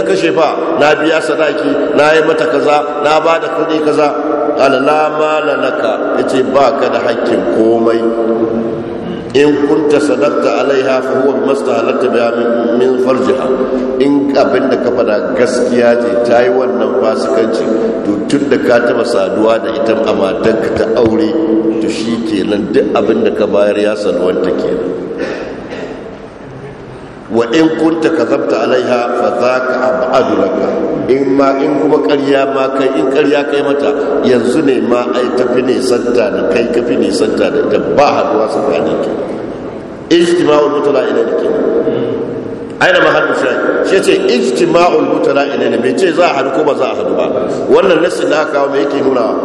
kashe fa na biya sadaki na yi mata kaza na ba da kuɗi kaza qala la mala laka yace ba ka da hakkin komai in kunta sadaqta alaiha fa huwa mastahalatta biha min farjiha in abin da ka fada gaskiya ce ta yi wannan fasikanci to tun da ka taba saduwa da ita amatanka ta aure to shi kenan duk abin da ka bayar ya salwanta kenan wa in kunta kazabta alaiha fa zaka abadu laka in ma in kuma ƙarya ma kai in ƙarya kai mata yanzu ne ma ai tafi ne santa da kai kafi ne santa da ita ba haduwa tsakanin ke ijtima'ul mutala ne ke aina ma hadu shi shi ce ijtima'ul mutala ne Me ce za a hadu ko ba za a hadu ba wannan nasi da aka kawo me yake nuna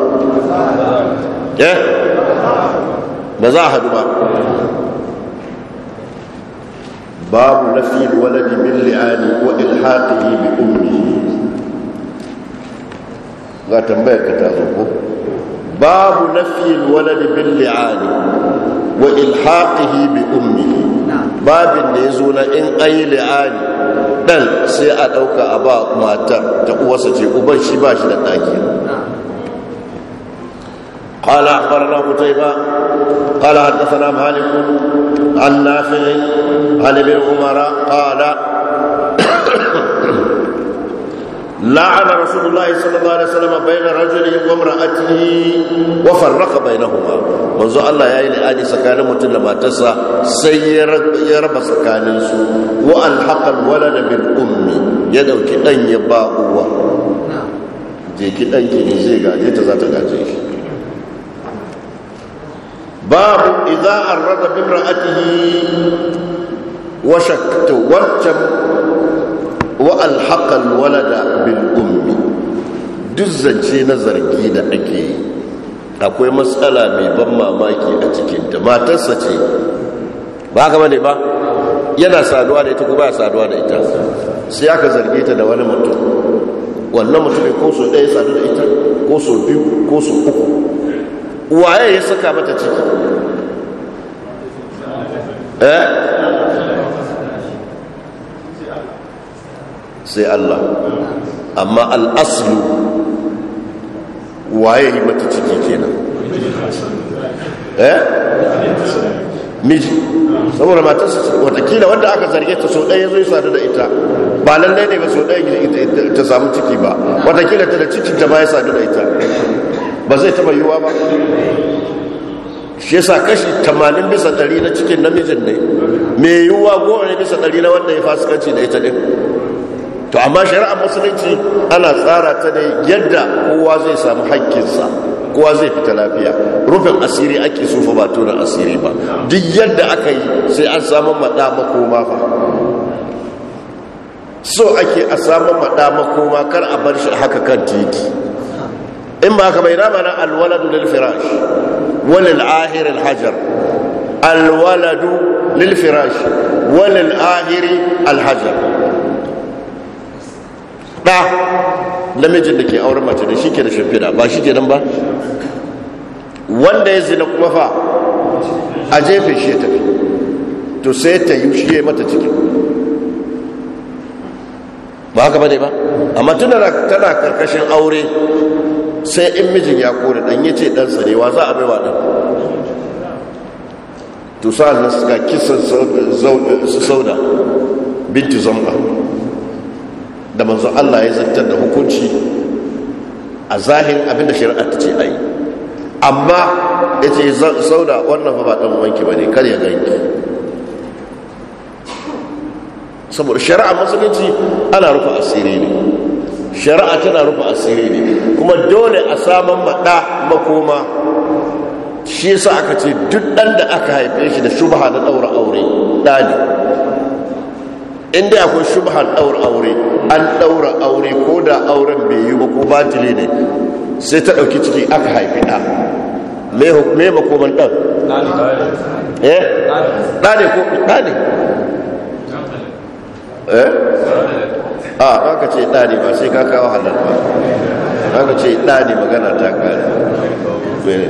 eh ba za a hadu ba babu nafi waladi bin li'ani wa ilhaqihi bi ummihi ga tambayar ka ta zo ko babu nafi waladi bin li'ani wa ilhaqihi bi ummihi babin da ya zo na in ayi li'ani dan sai a ɗauka a ba matar ta uwarsa ce uban shi ba shi da ɗaki قال اخبرنا قتيبه قال حدثنا مالك عن نافع عن ابن عمر قال لعن رسول الله صلى الله عليه وسلم بين رجله وامرأته وفرق بينهما منذ الله يا إلي آدي سكان متن ما تسا سيرب سكان سو وألحق الولد بالأم يدو كدن يباء جي كدن كي زي غاجي تزا تغاجي babu idza arrada bi ra'atihi wa shakta wajab wa alhaqa alwalada bil ummi duk zance na zargi da ake yi akwai matsala mai ban mamaki a cikin ta matarsa ce ba haka ne ba yana saduwa da ita kuma ba saduwa da ita sai aka zargi ta da wani mutum wannan mutumin ko so ɗaya sadu da ita ko so biyu ko so uku waye ya saka mata ciki eh sai Allah amma al'aslu waye yi mata ciki kenan eh miji saboda matarsa watakila wanda aka zarge ta sau ɗaya zai sadu da ita ba lallai ne ba sau ɗaya ta samu ciki ba watakila ta da cikin ta ba ya sadu da ita ba zai taba yiwuwa ba shi yasa kashi 80 bisa 100 na cikin namijin ne mai yiwuwa goma ne bisa 100 na wanda ya fasikanci da ita din to amma shari'ar musulunci ana tsara ta ne yadda kowa zai samu haƙƙinsa kowa zai fita lafiya rufin asiri ake sufa ba tunan asiri ba duk yadda aka yi sai an samu maɗa makoma fa so ake a samu maɗa makoma kar a bar shi haka kan titi in ba haka bai na mana alwaladu lil firash walil ahir hajar alwaladu lil firash walil ahir al namijin da ke auren mace da ke da shimfiɗa ba shi ke nan ba wanda ya zina kuma fa a jefe shi ya tafi to sai ta yi shi ya mata ciki ba haka ba ne ba amma tana karkashin aure sai in mijin ya kore dan ya ce ɗansa ne wa za a bai wa ɗan to sa'an nan ga kisan sauda binti zamba da manzo Allah ya zartar da hukunci a zahin abinda shari'a ta ce a yi amma ya ce sauda wannan ba ɗan wanki ba ne kar ya ganki saboda shari'a musulunci ana rufe asiri ne shari'a tana rufe asiri ne kuma dole a saman maɗa makoma shi sa aka ce duk ɗan da aka haife shi da shubha na ɗaura aure ɗa ne inda akwai shubha ɗaura aure an ɗaura aure ko da auren bai yi ba ko batili ne sai ta ɗauki ciki aka haifi ɗa me makoman ɗan ɗani eh? ne ko ɗa ne eh a ɗaka ce ɗa ba sai ka kawo halal ba ɗaka ce ɗa magana ta kare eh?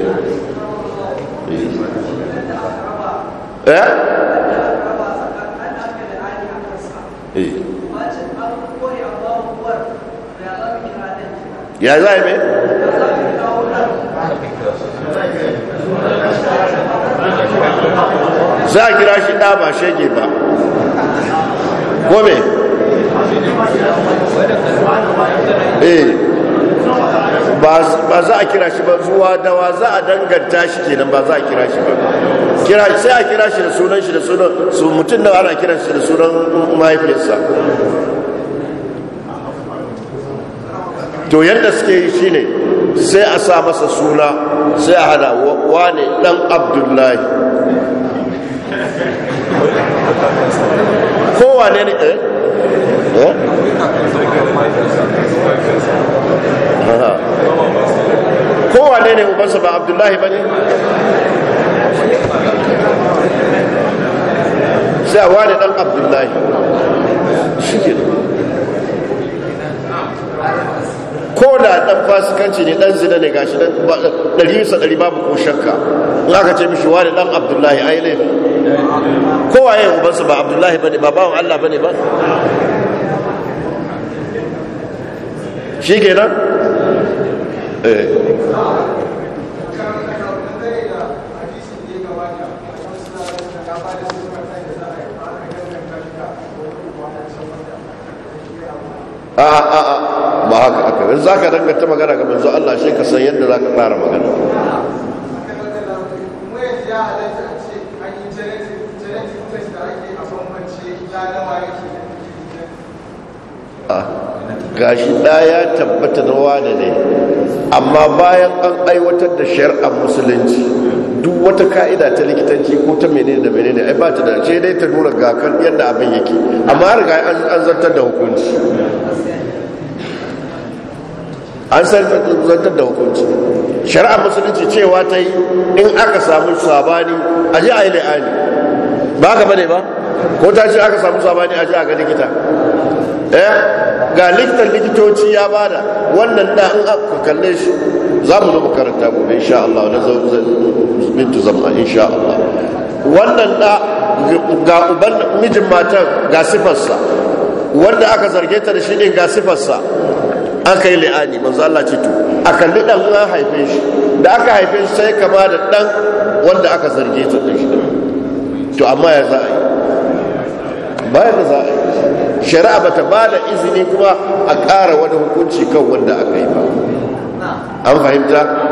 Eh? eh ya za a za a kira shi ɗa ba shege ba kome Eh, ba za a kira shi ba zuwa da wa za a danganta shi kenan ba za a kira shi ba sai a kira shi da sunan shi da sunan su mutum da ana kira shi da sunan mahaifiyarsa to yadda suke yi shi ne, sai a sa masa suna sai a hada wane dan abdullahi kowane ne eh eh kowane ne ubansa ba abdullahi ba ne sai wani dan abdullahi shi ko da dan fasikanci ne dan zina ne gashi dan ɗari sa ɗari babu ko shakka in aka ce mishi wani dan abdullahi ai laifi kowaye ubansa ba abdullahi ba ne ba bawan allah ba ne ba shi ke nan? Eh. a ah, ah, ah, ba haka aka za ka magana ga manzo Allah shi ka san yadda za ka ƙara magana a gashi ya tabbata da wani ne amma bayan an aiwatar da shari'ar musulunci duk wata ka'ida ta likitanci ko ta menene da menene ai ba ta da ce dai ta nuna ga kan yadda abin yake amma riga an zartar da hukunci an zartar da hukunci shari'ar musulunci cewa ta yi in aka samu sabani a ji a yi la'ani ba ka bane ba ko ta ce aka samu sabani a ji a ga likita Eh, ga likitan likitoci ya bada wannan da in aka kalle shi za mu zama karanta gobe insha Allah na mintu zama insha Allah wannan da ga uban mijin matan ga sifarsa wanda aka zarge ta da shi ne ga sifarsa an kai li'ani manzo Allah ce to a kalli dan an haife shi da aka haife shi sai kama da dan wanda aka zarge ta da shi to amma ya za a yi bayan da za a yi shari'a ba ta ba da izini kuma a ƙara wani hukunci kan wanda aka yi ba an fahimta